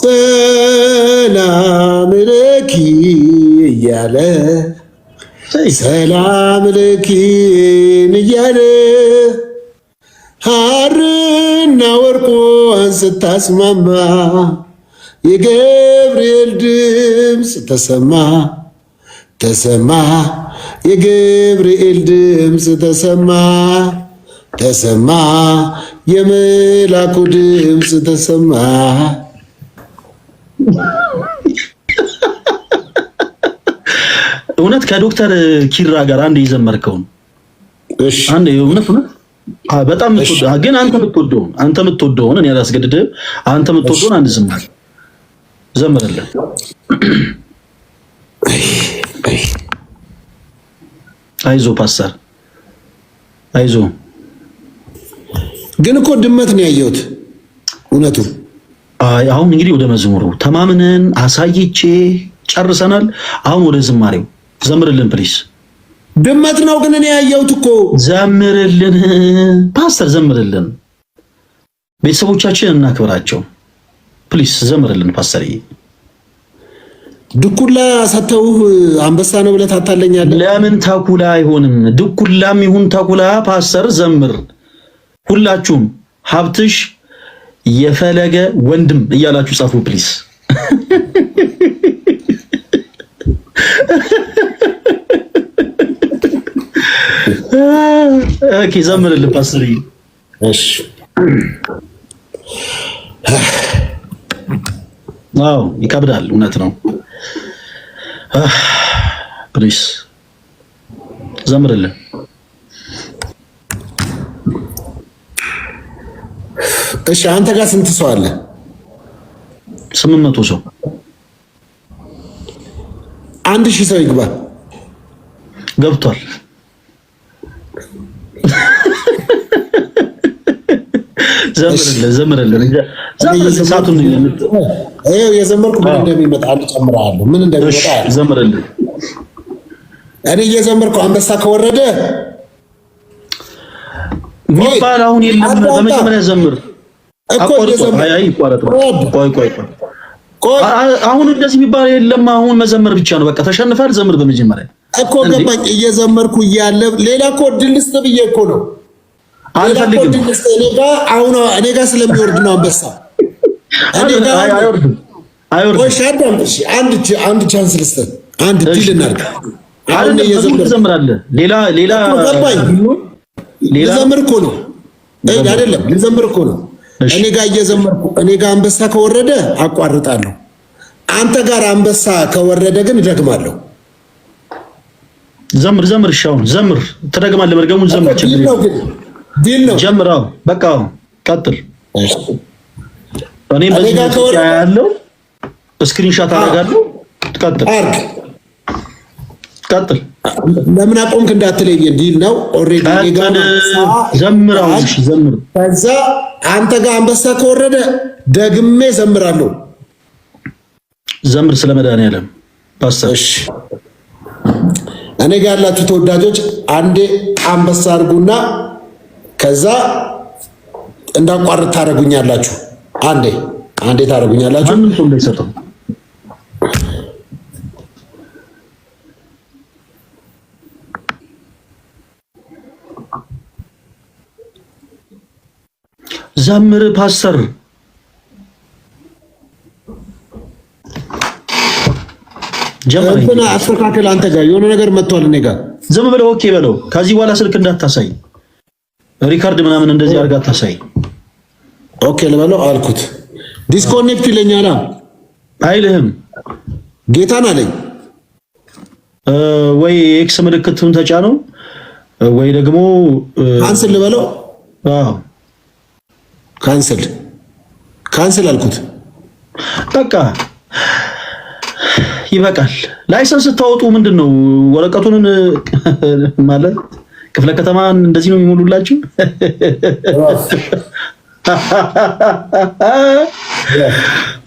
ሰላም ለኪ እያለ ሰላም ለኪን እያለ ሐርና ወርቆን ስታስማማ የገብርኤል ድምፅ ተሰማ ተሰማ የገብርኤል ድምፅ ተሰማ ተሰማ የመላኩ ድምፅ ተሰማ እውነት ከዶክተር ኪራ ጋር አንድ የዘመርከውን አንድ እውነት እውነት በጣም ግን አንተ የምትወደውን አንተ የምትወደውን እኔ አላስገድድህም። አንተ የምትወደውን አንድ ዝማሬ ዘምርልን። አይዞ ፓስተር አይዞ። ግን እኮ ድመት ነው ያየሁት እውነቱ አሁን እንግዲህ ወደ መዝሙሩ ተማምነን አሳይቼ ጨርሰናል። አሁን ወደ ዝማሬው ዘምርልን ፕሊስ። ድመት ነው ግን እኔ ያየሁት እኮ። ዘምርልን ፓስተር ዘምርልን። ቤተሰቦቻችን እናክብራቸው ፕሊስ። ዘምርልን ፓስተር ድኩላ ሳተውህ አንበሳ ነው ብለህ ታታለኛለህ። ለምን ታኩላ አይሆንም? ድኩላም ይሁን ታኩላ ፓስተር ዘምር። ሁላችሁም ሀብትሽ የፈለገ ወንድም እያላችሁ ጻፉ ፕሊስ። ኦኬ ዘምርልን ፓስተር። እሺ አዎ ይከብዳል፣ እውነት ነው። ፕሊስ ዘምርልን እሺ፣ አንተ ጋር ስንት ሰው አለ? ስምንት መቶ ሰው አንድ ሺህ ሰው ይግባ። ገብቷል። ዘምርልን ዘምርልን። የዘመርኩ ምን እንደሚመጣ እጨምራለሁ። ምን እንደሚመጣ ዘምርልን። እኔ እየዘመርኩ አንበሳ ከወረደ ሚባል አሁን የለም። በመጀመሪያ ዘምር አሁን እንደዚህ የሚባል የለም። አሁን መዘመር ብቻ ነው በቃ። ተሸንፋል፣ ዘምር። በመጀመሪያ እኮ ገባኝ። እየዘመርኩ እያለ ሌላ እኮ ድል ስጥ ብዬ እኮ ነው አልፈልግም። አሁን እኔ ጋር ስለሚወርድ ነው አንበሳ። አንድ ቻንስ ልስጥህ፣ አንድ ድል እናድርግ። ሌላ ሌላ ልዘምር እኮ ነው አይደለም፣ ልዘምር እኮ ነው እኔ ጋር እየዘመርኩ እኔ ጋር አንበሳ ከወረደ አቋርጣለሁ። አንተ ጋር አንበሳ ከወረደ ግን እደግማለሁ። ዘምር ዘምር፣ ሻው ዘምር፣ ትደግማለህ። መድገሙን ዘምር። ችግር ዲል ነው። ጀምራው፣ በቃ ቀጥል። እኔ በዚህ ያለው ስክሪንሻት አደርጋለሁ። ቀጥል፣ ቀጥል። ለምን አቆምክ እንዳትለኝ፣ ዲል ነው። ኦሬዲ ዘምራው፣ ዘምር ከዛ አንተ ጋር አንበሳ ከወረደ ደግሜ ዘምራለሁ። ዘምር ስለ መድኃኒዓለም ፓስተር። እኔ ጋር ያላችሁ ተወዳጆች አንዴ አንበሳ አድርጉና ከዛ እንዳቋርጥ ታደርጉኛላችሁ። አንዴ አንዴ ታደርጉኛላችሁ። ዘምር ፓስተር ጀምር። አስተካክል። አንተ ጋር የሆነ ነገር መጥቷል። እኔ ጋር ዝም ብለው ኦኬ በለው። ከዚህ በኋላ ስልክ እንዳታሳይ ሪካርድ ምናምን እንደዚህ አድርጋ ታሳይ። ኦኬ ልበለው አልኩት። ዲስኮኔክት አይልህም። ጌታን አለኝ ወይ ኤክስ ምልክቱን ተጫነው ወይ ደግሞ ልበለው። አዎ ካንስል ካንስል አልኩት። በቃ ይበቃል። ላይሰንስ ስታወጡ ምንድን ነው ወረቀቱን ማለት ክፍለ ከተማን እንደዚህ ነው የሚሞሉላችሁ።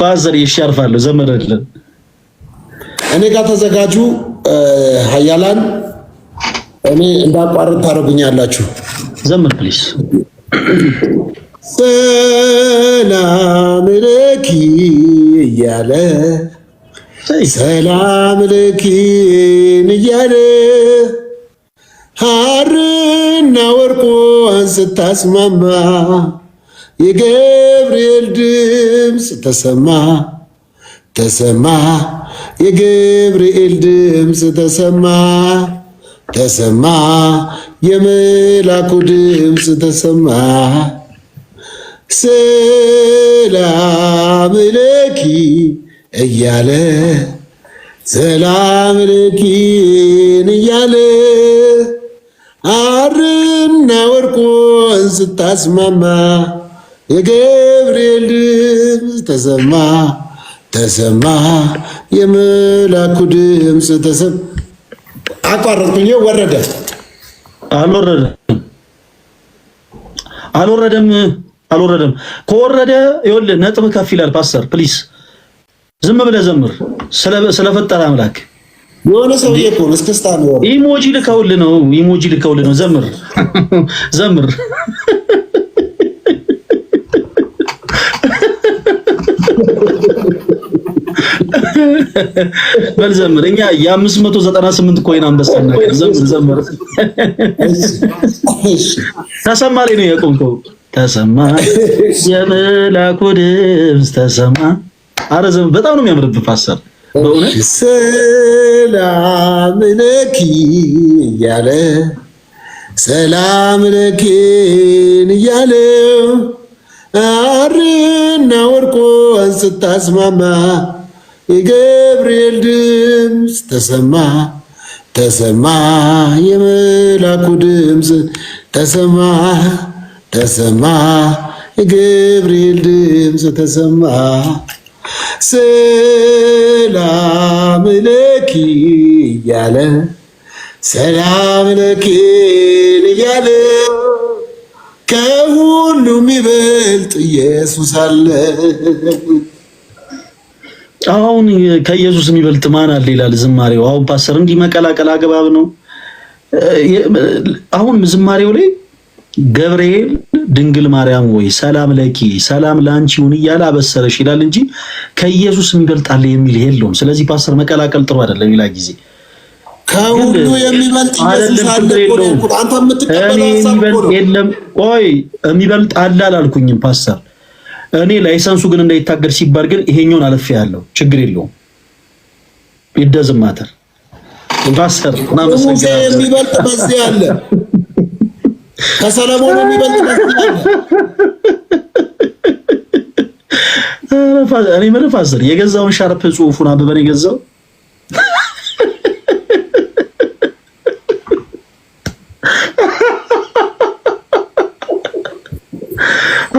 ፓዘር ይሻርፋሉ ዘመረልን እኔ ጋር ተዘጋጁ ሀያላን እኔ እንዳቋርጥ ታደርጉኛላችሁ። ዘምር ፕሊስ ሰላም ለኪ እያለ ሰላም ለኪን እያለ ሐርና ወርቆን ስታስማማ የገብርኤል ድምፅ ተሰማ ተሰማ የገብርኤል ድምፅ ተሰማ ተሰማ የመላኩ ድምፅ ተሰማ ሰላም ለኪ እያለ ሰላም ለኪን እያለ አርና ወርቁን ስታስማማ የገብርኤል ድምፅ ተሰማ ተሰማ የመላኩ ድምፅ ተሰማ። አቋረጥኩኝ። ወረደ አልወረደም አልወረደም አልወረደም። ከወረደ ይኸውልህ ነጥብ ከፍ ይላል። ፓስተር ፕሊስ ዝም ብለህ ዘምር። ስለፈጠረ አምላክ የሆነ ሰውዬ እኮ ነው እስክስታ ነው። ኢሞጂ ልከውልህ ነው። ኢሞጂ ልከውልህ ነው። ዘምር ዘምር። በል ዘምር። እኛ የ598 ኮይን አንበሳ ዘምር ዘምር። ተሰማሪ ነው የቆንከው ተሰማ የመላኩ ድምፅ ተሰማ። አረ ዘመን በጣም ነው የሚያምርብህ ፓስተር በእውነት ሰላም ለኪ እያለ ሰላም ለኪን እያለ አርና ወርቆን ስታስማማ የገብርኤል ድምፅ ተሰማ ተሰማ የመላኩ ድምፅ ተሰማ ተሰማ የገብርኤል ድምፅ ተሰማ ሰላም ለኪ እያለ ሰላም ለኪን እያለ ከሁሉም ይበልጥ ኢየሱስ አለ። አሁን ከኢየሱስ የሚበልጥ ማን አለ ይላል ዝማሬው። አሁን ፓስተር እንዲህ መቀላቀል አግባብ ነው? አሁን ዝማሬው ላይ ገብርኤል ድንግል ማርያም ወይ ሰላም ለኪ ሰላም ለአንቺ ይሁን እያለ አበሰረሽ ይላል እንጂ ከኢየሱስ የሚበልጥ የሚል የለውም። ስለዚህ ፓስተር መቀላቀል ጥሩ አይደለም። ሌላ ጊዜ ከሁሉ የሚበልጥ ኢየሱስ አለ የለም። ቆይ የሚበልጥ አለ አላልኩኝም ፓስተር። እኔ ላይሰንሱ ግን እንዳይታገድ ሲባል ግን ይሄኛውን አለፍ ያለው ችግር የለውም። ይደዝማታል ፓስተር ናመሰግናለሁ። መሰገናለሁ የሚበልጥ በዚህ አለ ከሰለሞን የሚበልጥ እኔ መረፋዘር የገዛውን ሻርፕ ጽሁፉን አብበን የገዛው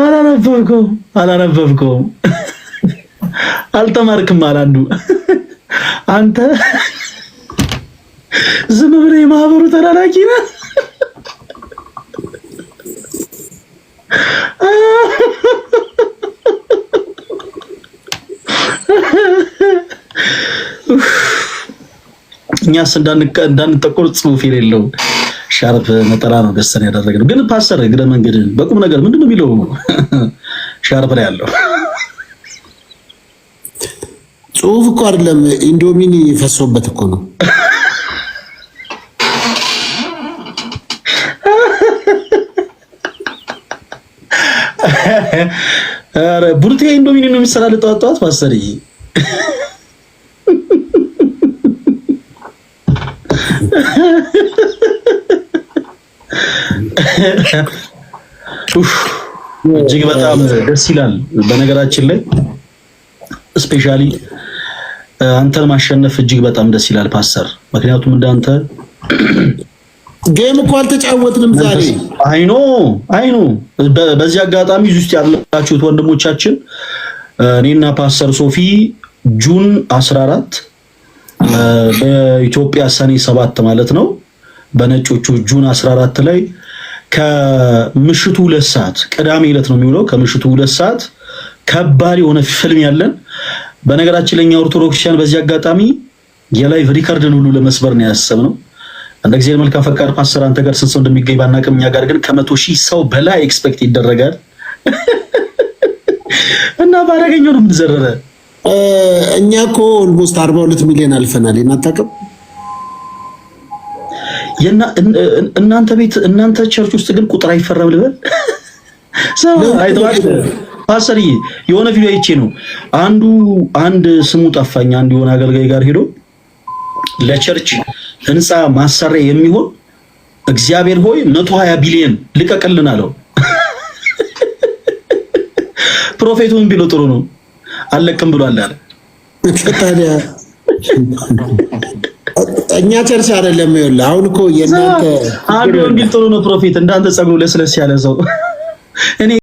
አላነበብከውም አላነበብከውም አልተማርክም አላንዱ አንተ ዝም ብለህ የማህበሩ ተላላኪ ነህ። እኛስ እንዳንጠቁር ጽሁፍ የሌለው ሻርፕ ነጠላ ነው ገዝተን ያደረግነው። ግን ፓስተር እግረ መንገድ በቁም ነገር ምንድን ነው የሚለው ሻርፕ ላይ ያለው ጽሁፍ እኮ አይደለም፣ ኢንዶሚኒ ፈሶበት እኮ ነው። ቡርቴ ኢንዶሚኒ ነው የሚሰራ ለጠዋት ጠዋት ማሰርዬ እጅግ በጣም ደስ ይላል። በነገራችን ላይ ስፔሻሊ አንተን ማሸነፍ እጅግ በጣም ደስ ይላል ፓስተር፣ ምክንያቱም እንዳንተ ጌም እኮ አልተጫወትንም ዛሬ። አይኖ አይኖ። በዚህ አጋጣሚ እዚህ ውስጥ ያላችሁት ወንድሞቻችን እኔና ፓስተር ሶፊ ጁን 14 በኢትዮጵያ ሰኔ ሰባት ማለት ነው በነጮቹ ጁን 14 ላይ ከምሽቱ ሁለት ሰዓት ቅዳሜ ዕለት ነው የሚውለው። ከምሽቱ ሁለት ሰዓት ከባድ የሆነ ፊልም ያለን። በነገራችን ለኛ ኦርቶዶክሲያን በዚህ አጋጣሚ የላይቭ ሪከርድን ሁሉ ለመስበር ነው ያሰብነው እንደ ጊዜ መልካም ፈቃድ ፓስተር፣ አንተ ጋር ስንት ሰው እንደሚገኝ ባናቅም እኛ ጋር ግን ከመቶ ሺህ ሰው በላይ ኤክስፔክት ይደረጋል እና ባረገኘው ነው የምትዘረረ። እኛ እኮ ኦልሞስት አርባ ሁለት ሚሊዮን አልፈናል። የናታቅም እናንተ ቤት እናንተ ቸርች ውስጥ ግን ቁጥር አይፈራም ልበል ፓስተር የሆነ ቪዲዮ አይቼ ነው አንዱ አንድ ስሙ ጠፋኝ አንድ የሆነ አገልጋይ ጋር ሄዶ ለቸርች ህንፃ ማሰሪያ የሚሆን እግዚአብሔር ሆይ መቶ ሀያ ቢሊየን ልቀቅልን አለው። ፕሮፌቱን ቢሎ ጥሩ ነው አለቅም ብሏል አለ። ታዲያ እኛ ቸርች አይደለም። ይኸውልህ አሁን እኮ የእናንተ አንዱ ቢል ጥሩ ነው ፕሮፌት እንዳንተ ጸጉሩ ለስለስ ያለ ሰው እኔ